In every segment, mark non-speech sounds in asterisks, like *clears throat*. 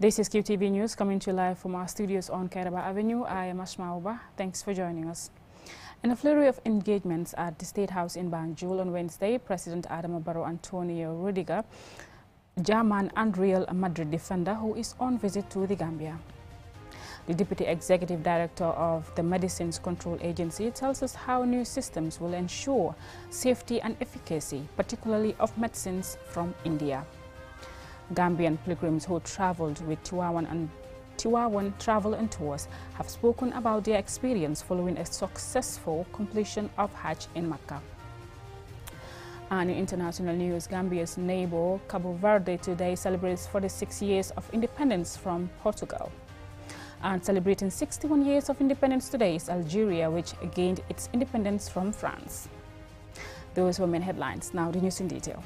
This is QTV News coming to you live from our studios on Kairaba Avenue. I am Ashma Oba. Thanks for joining us. In a flurry of engagements at the State House in Banjul on Wednesday, President Adam Barrow Antonio Rudiger, German and Real Madrid defender who is on visit to the Gambia. The Deputy Executive Director of the Medicines Control Agency tells us how new systems will ensure safety and efficacy, particularly of medicines from India. Gambian pilgrims who traveled with Tiwawan and Tiwawan Travel and Tours have spoken about their experience following a successful completion of Hajj in Mecca. And in international news, Gambia's neighbor Cabo Verde today celebrates 46 years of independence from Portugal. And celebrating 61 years of independence today is Algeria, which gained its independence from France. Those were main headlines. Now the news in detail.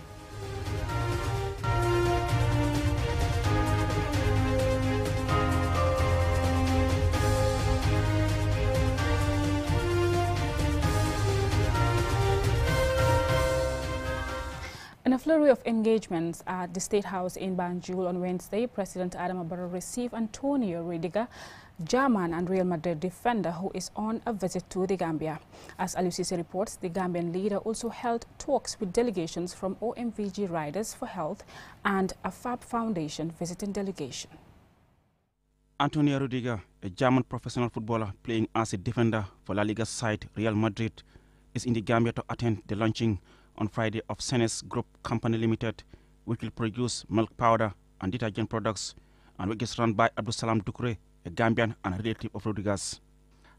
In a flurry of engagements at the State House in Banjul on Wednesday, President Adam Barrow received Antonio Rudiger, German and Real Madrid defender who is on a visit to the Gambia. As Alucise reports, the Gambian leader also held talks with delegations from OMVG Riders for Health and a FAB Foundation visiting delegation. Antonio Rudiger, a German professional footballer playing as a defender for La Liga side Real Madrid, is in the Gambia to attend the launching on Friday of Senes Group Company Limited, which will produce milk powder and detergent products, and which is run by Abdusalam Dukre, a Gambian and a relative of Rodriguez.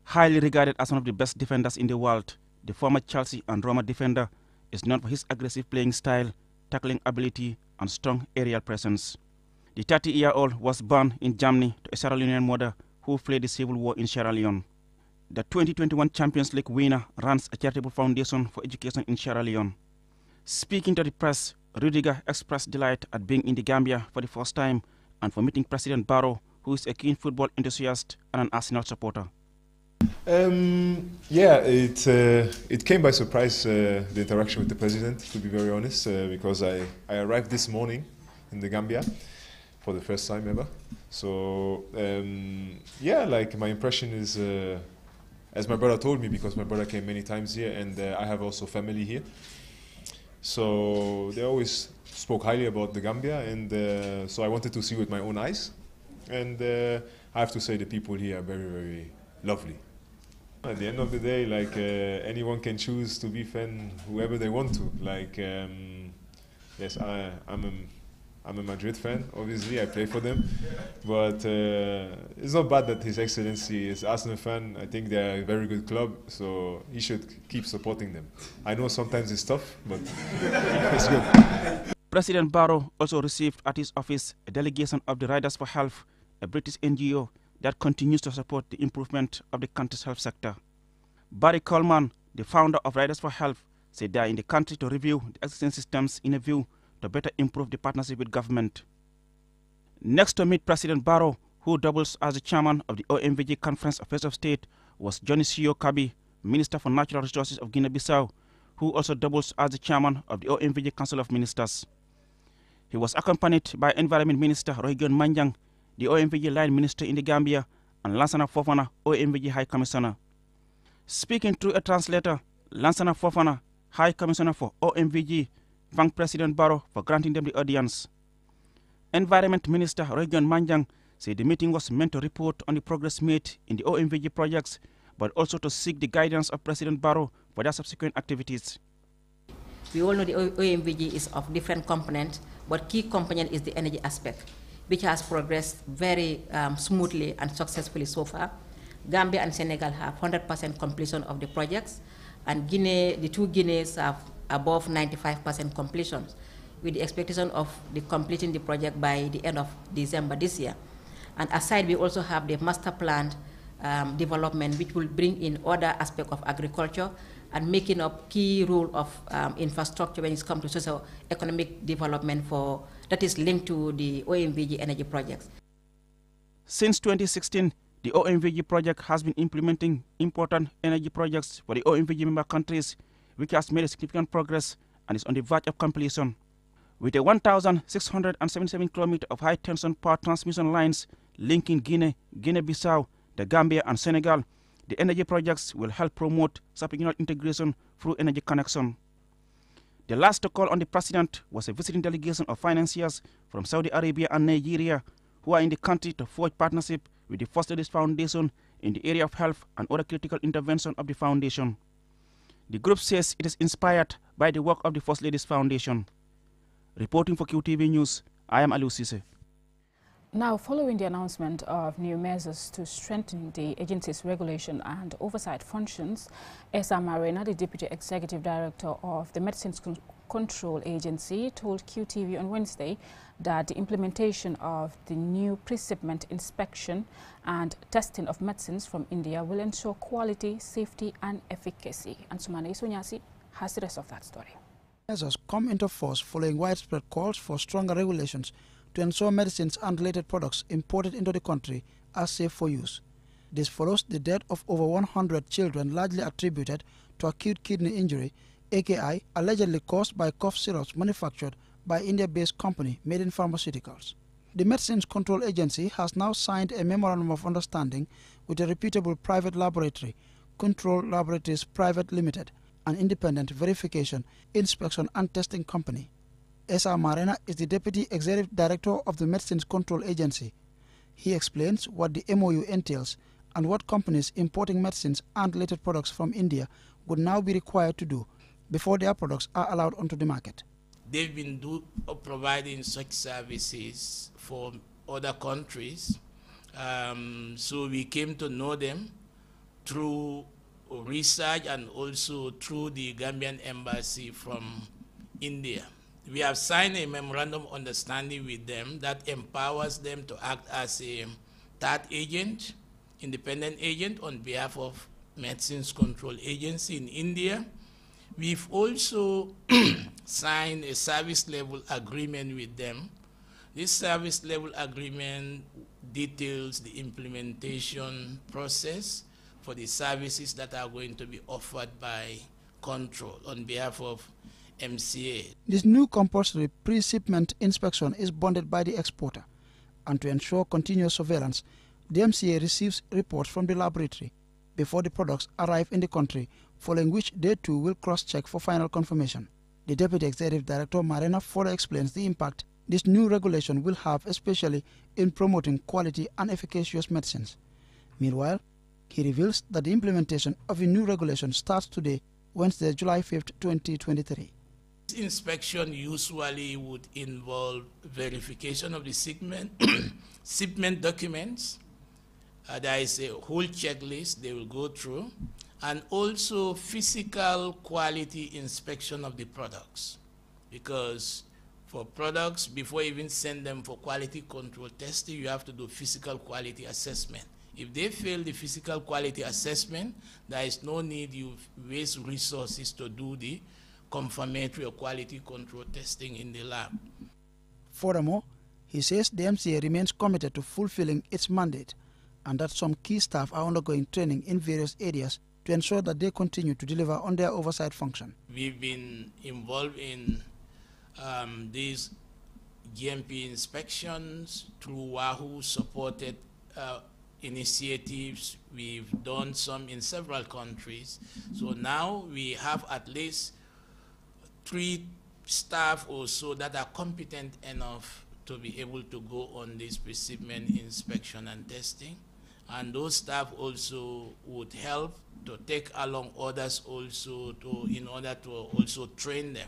Highly regarded as one of the best defenders in the world, the former Chelsea and Roma defender is known for his aggressive playing style, tackling ability, and strong aerial presence. The 30-year-old was born in Germany to a Sierra Leonean mother who fled the civil war in Sierra Leone. The 2021 Champions League winner runs a charitable foundation for education in Sierra Leone. Speaking to the press, Rudiger expressed delight at being in the Gambia for the first time and for meeting President Barrow, who is a keen football enthusiast and an Arsenal supporter. Um, yeah, it, uh, it came by surprise, uh, the interaction with the president, to be very honest, uh, because I, I arrived this morning in the Gambia for the first time ever. So, um, yeah, like my impression is, uh, as my brother told me, because my brother came many times here and uh, I have also family here. So they always spoke highly about the Gambia, and uh, so I wanted to see with my own eyes. And uh, I have to say, the people here are very, very lovely. At the end of the day, like uh, anyone can choose to be fan whoever they want to. Like, um, yes, I, I'm. A, I'm a Madrid fan, obviously, I play for them. But uh, it's not bad that His Excellency is Arsenal fan. I think they're a very good club, so he should keep supporting them. I know sometimes it's tough, but *laughs* it's good. President Barrow also received at his office a delegation of the Riders for Health, a British NGO that continues to support the improvement of the country's health sector. Barry Coleman, the founder of Riders for Health, said they are in the country to review the existing systems in a view to better improve the partnership with government. Next to meet President Barrow, who doubles as the chairman of the OMVG Conference of Heads of State, was Johnny Sio Kabi, Minister for Natural Resources of Guinea-Bissau, who also doubles as the chairman of the OMVG Council of Ministers. He was accompanied by Environment Minister Rohigion Manjang, the OMVG Line Minister in the Gambia, and Lansana Fofana, OMVG High Commissioner. Speaking through a translator, Lansana Fofana, High Commissioner for OMVG, thank President Barrow for granting them the audience. Environment Minister Region Manjang said the meeting was meant to report on the progress made in the OMVG projects, but also to seek the guidance of President Barrow for their subsequent activities. We all know the OMVG is of different components, but key component is the energy aspect, which has progressed very um, smoothly and successfully so far. Gambia and Senegal have 100% completion of the projects, and Guinea, the two Guineas have above 95% completion, with the expectation of the completing the project by the end of December this year. And aside, we also have the master plan um, development, which will bring in other aspects of agriculture and making up key role of um, infrastructure when it comes to social economic development for that is linked to the OMVG energy projects. Since 2016, the OMVG project has been implementing important energy projects for the OMVG member countries which has made significant progress and is on the verge of completion. With a 1,677 km of high-tension power transmission lines linking Guinea, Guinea-Bissau, the Gambia and Senegal, the energy projects will help promote sub-regional integration through energy connection. The last call on the president was a visiting delegation of financiers from Saudi Arabia and Nigeria who are in the country to forge partnership with the First Ladies Foundation in the area of health and other critical intervention of the foundation. The group says it is inspired by the work of the First Ladies Foundation. Reporting for QTV News, I am Alu Sise. Now, following the announcement of new measures to strengthen the agency's regulation and oversight functions, S. M. Marina, the Deputy Executive Director of the Medicines Control Agency told QTV on Wednesday that the implementation of the new pre-shipment inspection and testing of medicines from India will ensure quality, safety and efficacy. And Sumana Sunyasi has the rest of that story. Measures come into force following widespread calls for stronger regulations to ensure medicines and related products imported into the country are safe for use. This follows the death of over 100 children largely attributed to acute kidney injury Aki allegedly caused by cough syrups manufactured by India-based company Maiden Pharmaceuticals. The Medicines Control Agency has now signed a memorandum of understanding with a reputable private laboratory, Control Laboratories Private Limited, an independent verification, inspection and testing company. S.R. Marina is the Deputy Executive Director of the Medicines Control Agency. He explains what the MOU entails and what companies importing medicines and related products from India would now be required to do before their products are allowed onto the market. They've been do, uh, providing such services for other countries. Um, so we came to know them through research and also through the Gambian embassy from India. We have signed a memorandum understanding with them that empowers them to act as a third agent, independent agent on behalf of Medicines Control Agency in India We've also *clears throat* signed a service level agreement with them. This service level agreement details the implementation process for the services that are going to be offered by control on behalf of MCA. This new compulsory pre-shipment inspection is bonded by the exporter, and to ensure continuous surveillance, the MCA receives reports from the laboratory before the products arrive in the country following which they too will cross-check for final confirmation. The Deputy Executive Director, Marina, further explains the impact this new regulation will have, especially in promoting quality and efficacious medicines. Meanwhile, he reveals that the implementation of the new regulation starts today, Wednesday, July 5, 2023. This inspection usually would involve verification of the shipment, *coughs* shipment documents. Uh, there is a whole checklist they will go through and also physical quality inspection of the products because for products before you even send them for quality control testing you have to do physical quality assessment if they fail the physical quality assessment there is no need you waste resources to do the confirmatory or quality control testing in the lab furthermore he says the mca remains committed to fulfilling its mandate and that some key staff are undergoing training in various areas to ensure that they continue to deliver on their oversight function. We've been involved in um, these GMP inspections through Wahoo supported uh, initiatives. We've done some in several countries. So now we have at least three staff or so that are competent enough to be able to go on this specimen inspection and testing and those staff also would help to take along others also to, in order to also train them.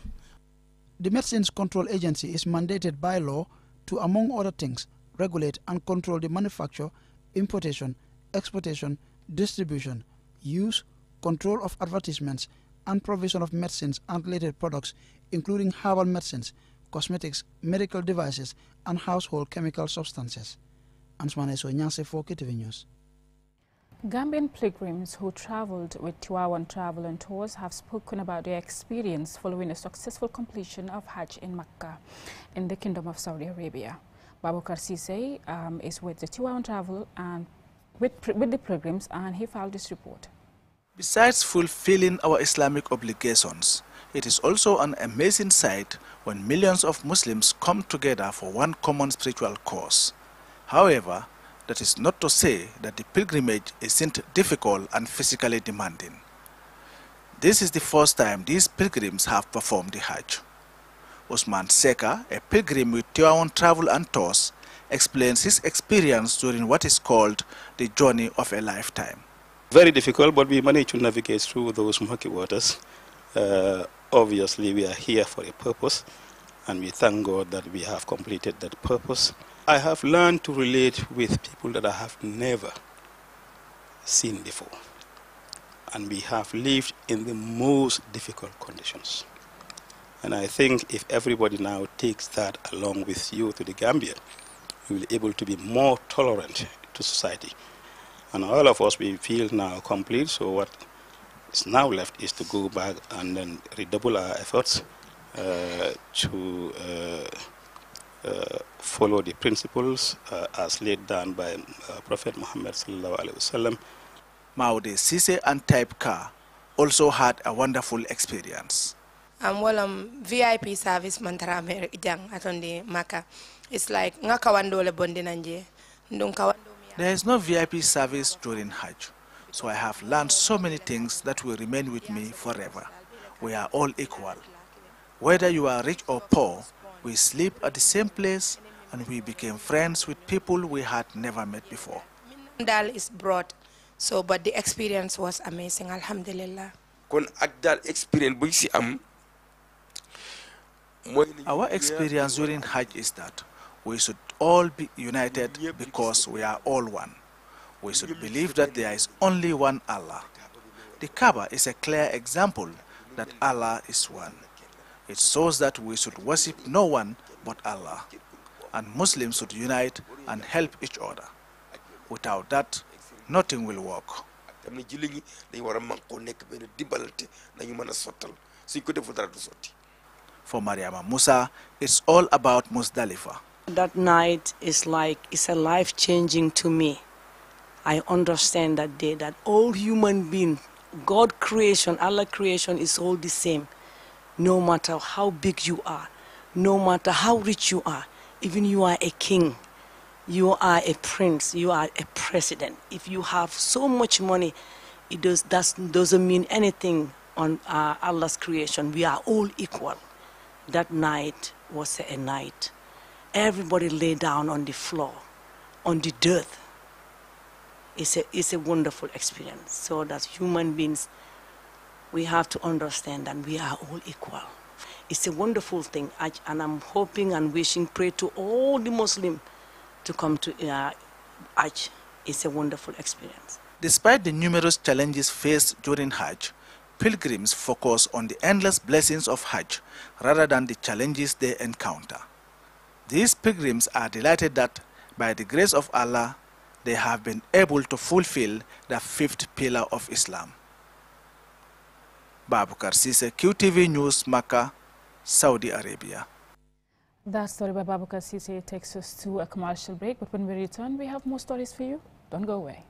The Medicines Control Agency is mandated by law to, among other things, regulate and control the manufacture, importation, exportation, distribution, use, control of advertisements, and provision of medicines and related products, including herbal medicines, cosmetics, medical devices, and household chemical substances for KTV News. Gambian pilgrims who traveled with Tiwawan Travel and Tours have spoken about their experience following a successful completion of Hajj in Mecca in the Kingdom of Saudi Arabia. Babu Sise um, is with the Tiwawan Travel and with, with the pilgrims and he filed this report. Besides fulfilling our Islamic obligations, it is also an amazing sight when millions of Muslims come together for one common spiritual cause. However, that is not to say that the pilgrimage isn't difficult and physically demanding. This is the first time these pilgrims have performed the Hajj. Usman Seka, a pilgrim with Tiwawan Travel and Tours, explains his experience during what is called the journey of a lifetime. Very difficult, but we managed to navigate through those murky waters. Uh, obviously, we are here for a purpose, and we thank God that we have completed that purpose. I have learned to relate with people that I have never seen before. And we have lived in the most difficult conditions. And I think if everybody now takes that along with you to the Gambia, you will be able to be more tolerant to society. And all of us, we feel now complete, so what is now left is to go back and then redouble our efforts uh, to uh, uh, follow the principles uh, as laid down by uh, Prophet Muhammad sallallahu alaihi wasallam. Maude Sise and Type Car also had a wonderful experience. I'm well, um, VIP service mantara jang atondi maka. It's like ngakawando le bondi nanje. There is no VIP service during Hajj, so I have learned so many things that will remain with me forever. We are all equal. Whether you are rich or poor, we sleep at the same place and we became friends with people we had never met before. Dal is broad, so but the experience was amazing, alhamdulillah. Our experience during Hajj is that we should all be united because we are all one. We should believe that there is only one Allah. The Kaaba is a clear example that Allah is one. It shows that we should worship no one but Allah, and Muslims should unite and help each other. Without that, nothing will work. For Mariama Musa, it's all about Musdalifa. That night is like, it's a life changing to me. I understand that day that all human being, God creation, Allah creation is all the same no matter how big you are, no matter how rich you are, even you are a king, you are a prince, you are a president. If you have so much money, it does, doesn't mean anything on uh, Allah's creation. We are all equal. That night was a night. Everybody lay down on the floor, on the dirt. It's a, it's a wonderful experience. So that human beings we have to understand that we are all equal. It's a wonderful thing, and I'm hoping and wishing, pray to all the Muslim to come to uh, Hajj. It's a wonderful experience. Despite the numerous challenges faced during Hajj, pilgrims focus on the endless blessings of Hajj rather than the challenges they encounter. These pilgrims are delighted that, by the grace of Allah, they have been able to fulfill the fifth pillar of Islam. Babukar Sise, QTV News, Makkah, Saudi Arabia. That story by Babukar Sise takes us to a commercial break, but when we return, we have more stories for you. Don't go away.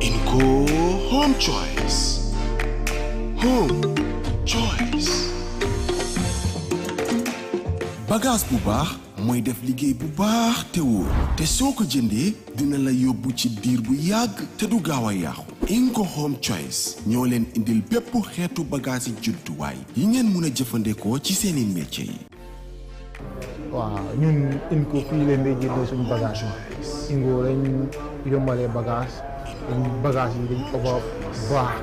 Inco Home Choice. Home Choice. Bagas bubah, baax mooy def liggéey bu baax te wóor te soo ko dina la yóbbu ci diir bu yàgg te du gaaw a Inco Home Choice ñoo leen indil bépp xeetu bagage yi jumtuwaay yi ngeen mun a jëfandikoo ci seeni métier yi. waaw ñun Inco fii leen di jëndee suñu bagage yi Inco lañ yombalee bagage dañ yi dañ ko baax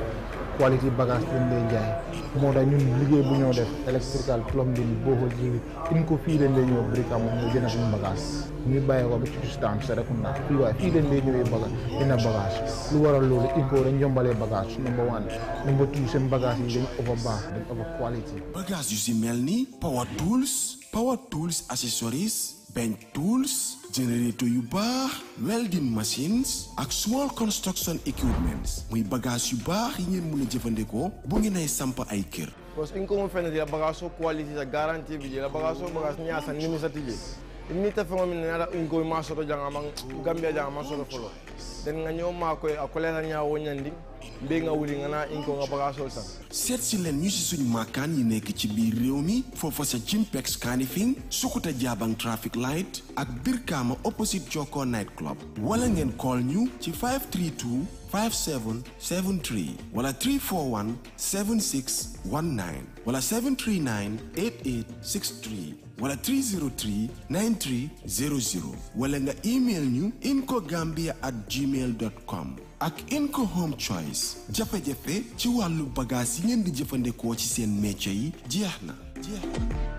qualité bagage lañ lay jaay. moo tax ñun liggéey bu ñoo def électrical plumbing boobal jiw in ko fii leen lay ñëw Brikama mu gën a suñu bagage ñu bàyyi ko ba ci distance sa rek na fii waaye fii leen lay ñëwee bagage dina bagage lu waral loolu in ko dañ yombalee bagage number one number two seen bagage yi dañ over baax dañ over quality bagage yu si mel ni power tools power tools accessories bench tools, generator yu baax welding machines ak small construction equipments muy bagage yu baax yi ngeen mën a jëfandikoo bu ngeen ay samp ay kër. Because inkomo fene dila bagaso quality sa guarantee bi dila bagaso bagas nyasa nimi sa tije. Imita fengo minna da inkomo masoto janga mang Gambia janga masoto follow. nga ñoo maa koy a koleera ñaa woñandi mbéy nga wuli nga naa in ko nga bagaasoo tan seet si leen ñu si suñ maakaan yi nekk ci biir réew mi foofa sa Jinpex Kanifing Sukuta Jabang traffic light ak Birkama opposite Joko night club wala ngeen kool ñu ci 532 57 73 wala 341 76 19 wala 739 88 63 wala 303 93 00 wala nga email ñu info gambia at gmail dot com ak Inco Home Choice jafe-jafe ci wàllu bagage yi ngeen di jëfandikoo ci seen métier yi jeex na jeex na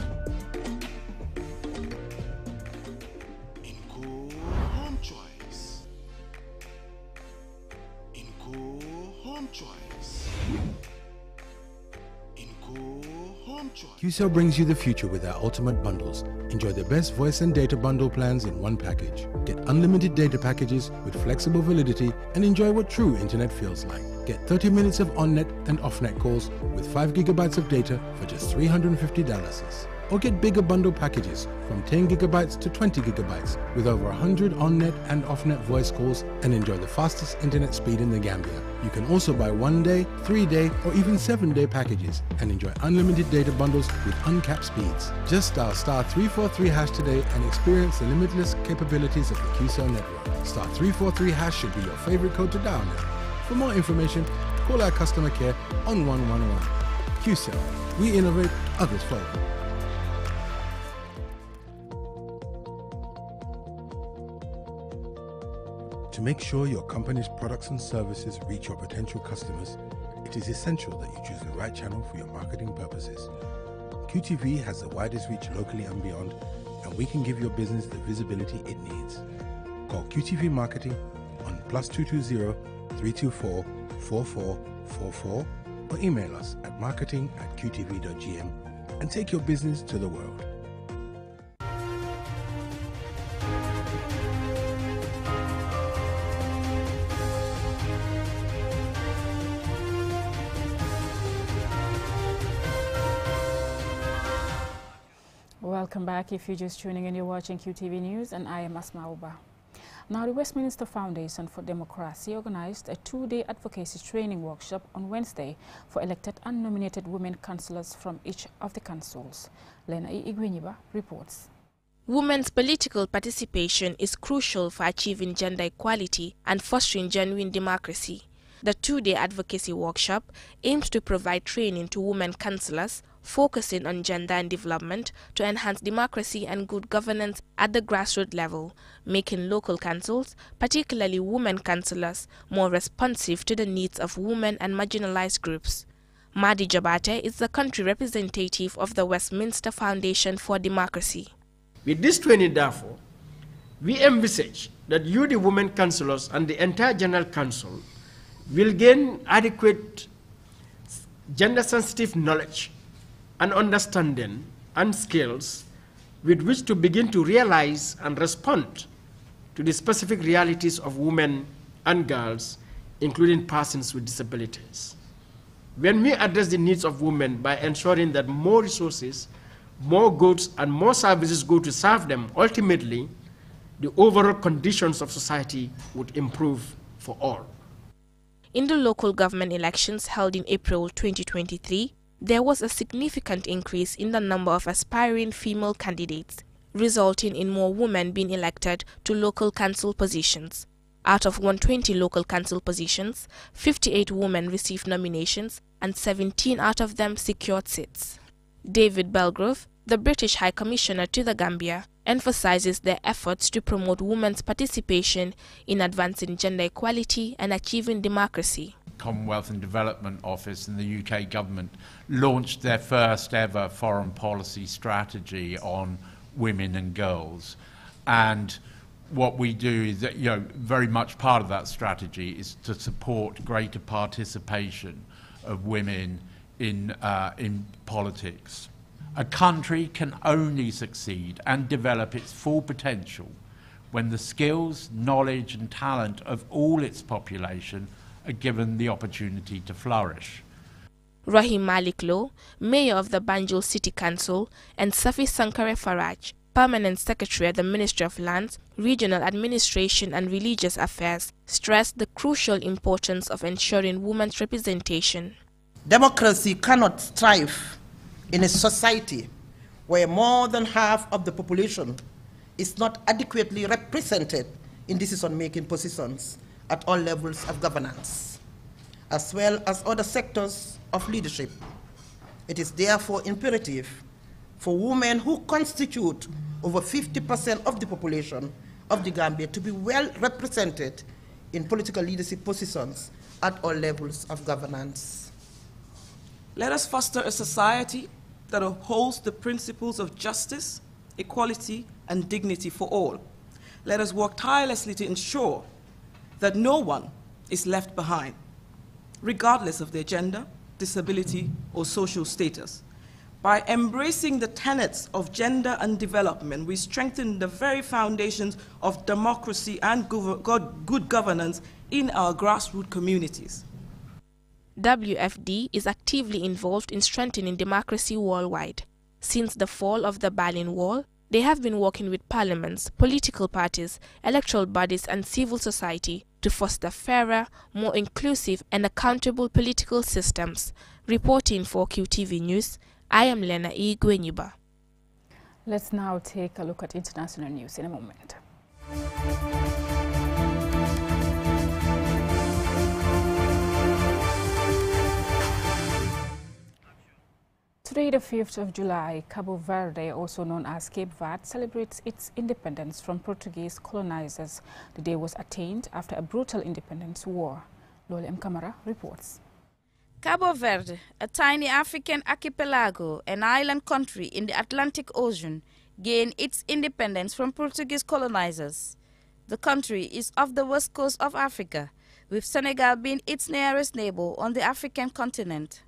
QCell brings you the future with our ultimate bundles. Enjoy the best voice and data bundle plans in one package. Get unlimited data packages with flexible validity and enjoy what true internet feels like. Get 30 minutes of on-net and off-net calls with 5 gigabytes of data for just $350 or get bigger bundle packages from 10 gigabytes to 20 gigabytes with over 100 on-net and off-net voice calls and enjoy the fastest internet speed in the Gambia. You can also buy one-day, three-day or even seven-day packages and enjoy unlimited data bundles with uncapped speeds. Just dial star 343 hash today and experience the limitless capabilities of the QCell network. Star 343 hash should be your favorite code to dial now. For more information, call our customer care on 111. QCell. We innovate, others follow. To make sure your company's products and services reach your potential customers, it is essential that you choose the right channel for your marketing purposes. QTV has the widest reach locally and beyond, and we can give your business the visibility it needs. Call QTV Marketing on plus 220 324 4444 or email us at marketing at qtv.gm and take your business to the world. Welcome back. If you're just tuning in, you're watching QTV News, and I am Asma Uba. Now, the Westminster Foundation for Democracy organized a two-day advocacy training workshop on Wednesday for elected and nominated women councillors from each of the councils. Lena Iguiniba reports. Women's political participation is crucial for achieving gender equality and fostering genuine democracy. The two-day advocacy workshop aims to provide training to women councillors focusing on gender and development to enhance democracy and good governance at the grassroots level, making local councils, particularly women councillors, more responsive to the needs of women and marginalized groups. Madi Jabate is the country representative of the Westminster Foundation for Democracy. With this training, therefore, we envisage that you, the women councillors, and the entire General Council will gain adequate gender sensitive knowledge and understanding and skills with which to begin to realize and respond to the specific realities of women and girls, including persons with disabilities. When we address the needs of women by ensuring that more resources, more goods, and more services go to serve them, ultimately, the overall conditions of society would improve for all. In the local government elections held in April 2023, there was a significant increase in the number of aspiring female candidates, resulting in more women being elected to local council positions. Out of 120 local council positions, 58 women received nominations and 17 out of them secured seats. David Belgrove, the British High Commissioner to the Gambia, emphasizes their efforts to promote women's participation in advancing gender equality and achieving democracy. Commonwealth and Development Office and the UK government launched their first ever foreign policy strategy on women and girls. And what we do is that, you know, very much part of that strategy is to support greater participation of women in, uh, in politics. A country can only succeed and develop its full potential when the skills, knowledge, and talent of all its population are given the opportunity to flourish. Rahim Malik Low, Mayor of the Banjul City Council, and Safi Sankare Faraj, Permanent Secretary at the Ministry of Lands, Regional Administration and Religious Affairs, stressed the crucial importance of ensuring women's representation. Democracy cannot thrive in a society where more than half of the population is not adequately represented in decision-making positions at all levels of governance, as well as other sectors of leadership. It is therefore imperative for women who constitute over 50% of the population of the Gambia to be well represented in political leadership positions at all levels of governance. Let us foster a society that upholds the principles of justice, equality, and dignity for all. Let us work tirelessly to ensure that no one is left behind, regardless of their gender, disability, or social status. By embracing the tenets of gender and development, we strengthen the very foundations of democracy and good governance in our grassroots communities. WFD is actively involved in strengthening democracy worldwide. Since the fall of the Berlin Wall, they have been working with parliaments, political parties, electoral bodies, and civil society to foster fairer, more inclusive, and accountable political systems. Reporting for QTV News, I am Lena E. Let's now take a look at international news in a moment. Today, the 5th of July, Cabo Verde, also known as Cape Verde, celebrates its independence from Portuguese colonizers. The day was attained after a brutal independence war. Lole M. Camara reports. Cabo Verde, a tiny African archipelago, an island country in the Atlantic Ocean, gained its independence from Portuguese colonizers. The country is off the west coast of Africa, with Senegal being its nearest neighbor on the African continent.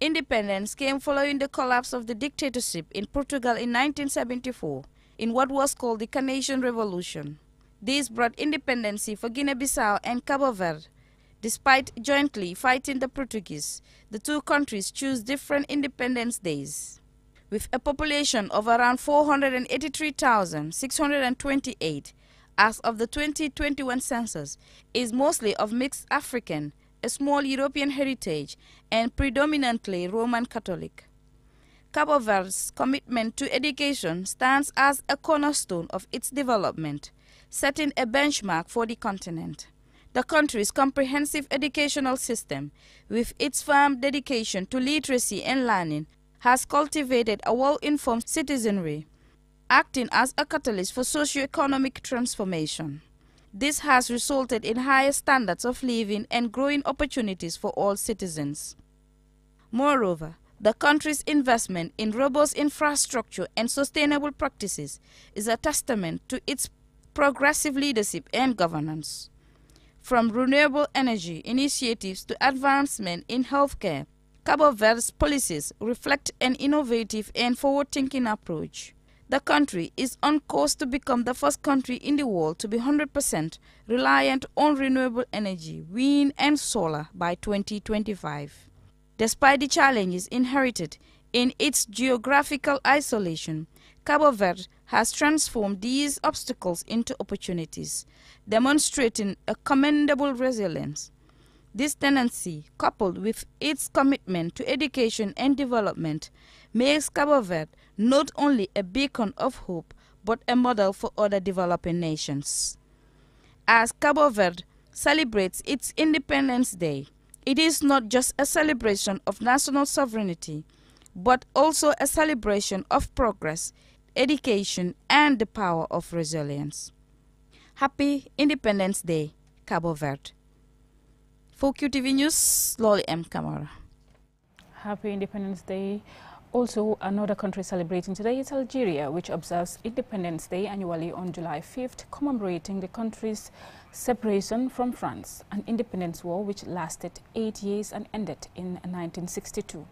Independence came following the collapse of the dictatorship in Portugal in 1974 in what was called the Carnation Revolution. This brought independence for Guinea-Bissau and Cabo Verde. Despite jointly fighting the Portuguese, the two countries choose different independence days. With a population of around 483,628 as of the 2021 census, is mostly of mixed African, a small European heritage, and predominantly Roman Catholic. Cabo Verde's commitment to education stands as a cornerstone of its development, setting a benchmark for the continent. The country's comprehensive educational system, with its firm dedication to literacy and learning, has cultivated a well-informed citizenry, acting as a catalyst for socio-economic transformation. This has resulted in higher standards of living and growing opportunities for all citizens. Moreover, the country's investment in robust infrastructure and sustainable practices is a testament to its progressive leadership and governance. From renewable energy initiatives to advancement in healthcare, Cabo Verde's policies reflect an innovative and forward-thinking approach. The country is on course to become the first country in the world to be 100% reliant on renewable energy, wind and solar by 2025. Despite the challenges inherited in its geographical isolation, Cabo Verde has transformed these obstacles into opportunities, demonstrating a commendable resilience. This tendency, coupled with its commitment to education and development, makes Cabo Verde not only a beacon of hope, but a model for other developing nations. As Cabo Verde celebrates its Independence Day, it is not just a celebration of national sovereignty, but also a celebration of progress, education, and the power of resilience. Happy Independence Day, Cabo Verde. For QTV News, Lolly M. Kamara. Happy Independence Day. Also, another country celebrating today is Algeria, which observes Independence Day annually on July 5th, commemorating the country's separation from France, an independence war which lasted eight years and ended in 1962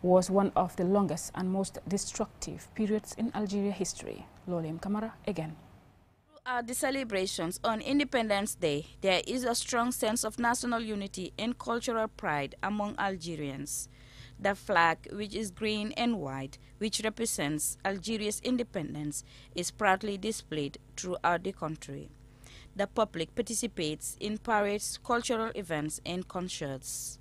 was one of the longest and most destructive periods in Algeria history. Lolim Kamara again. At the celebrations on Independence Day, there is a strong sense of national unity and cultural pride among Algerians. The flag, which is green and white, which represents Algeria's independence, is proudly displayed throughout the country. The public participates in parades, cultural events, and concerts.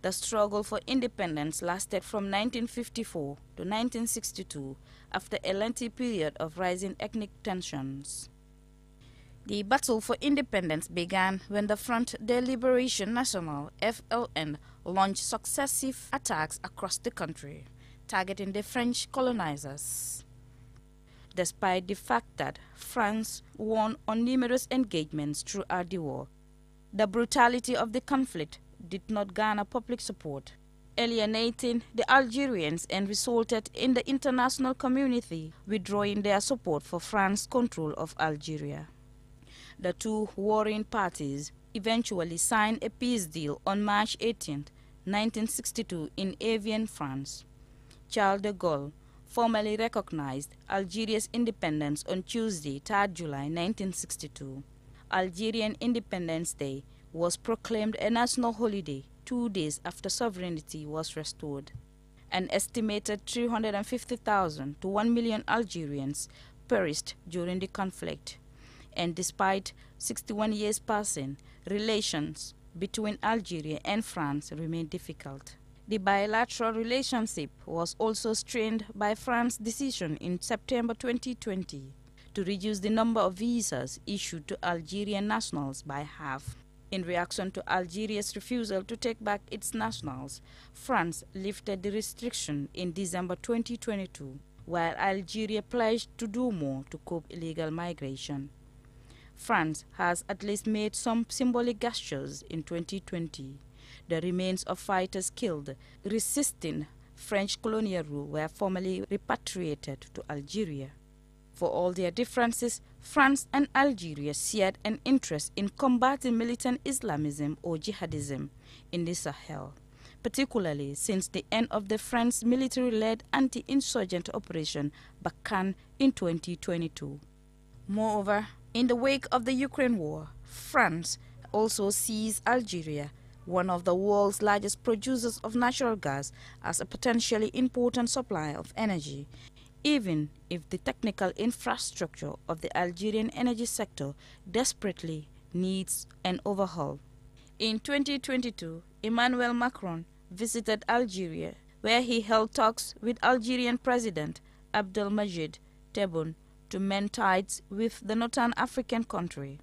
The struggle for independence lasted from 1954 to 1962 after a lengthy period of rising ethnic tensions. The battle for independence began when the Front de Liberation National (FLN) launched successive attacks across the country, targeting the French colonizers. Despite the fact that France won on numerous engagements throughout the war, the brutality of the conflict did not garner public support, alienating the Algerians and resulted in the international community withdrawing their support for France's control of Algeria. The two warring parties eventually signed a peace deal on March 18, 1962 in Avian, France. Charles de Gaulle formally recognized Algeria's independence on Tuesday, 3 July 1962. Algerian Independence Day was proclaimed a national holiday two days after sovereignty was restored. An estimated 350,000 to 1 million Algerians perished during the conflict and despite 61 years passing, relations between Algeria and France remain difficult. The bilateral relationship was also strained by France's decision in September 2020 to reduce the number of visas issued to Algerian nationals by half. In reaction to Algeria's refusal to take back its nationals, France lifted the restriction in December 2022, while Algeria pledged to do more to cope illegal migration. France has at least made some symbolic gestures in 2020. The remains of fighters killed resisting French colonial rule were formally repatriated to Algeria. For all their differences, France and Algeria shared an interest in combating militant Islamism or jihadism in the Sahel, particularly since the end of the French military-led anti-insurgent operation Bakan in 2022. Moreover, in the wake of the Ukraine war, France also sees Algeria, one of the world's largest producers of natural gas, as a potentially important supplier of energy, even if the technical infrastructure of the Algerian energy sector desperately needs an overhaul. In 2022, Emmanuel Macron visited Algeria, where he held talks with Algerian President Abdelmajid Tebboune to mend ties with the Northern African country.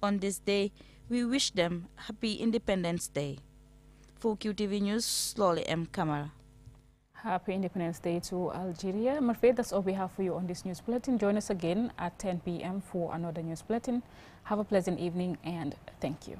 On this day, we wish them Happy Independence Day. For QTV News, Slowly M. Kamara. Happy Independence Day to Algeria. I'm afraid that's all we have for you on this news bulletin. Join us again at 10 p.m. for another news bulletin. Have a pleasant evening and thank you.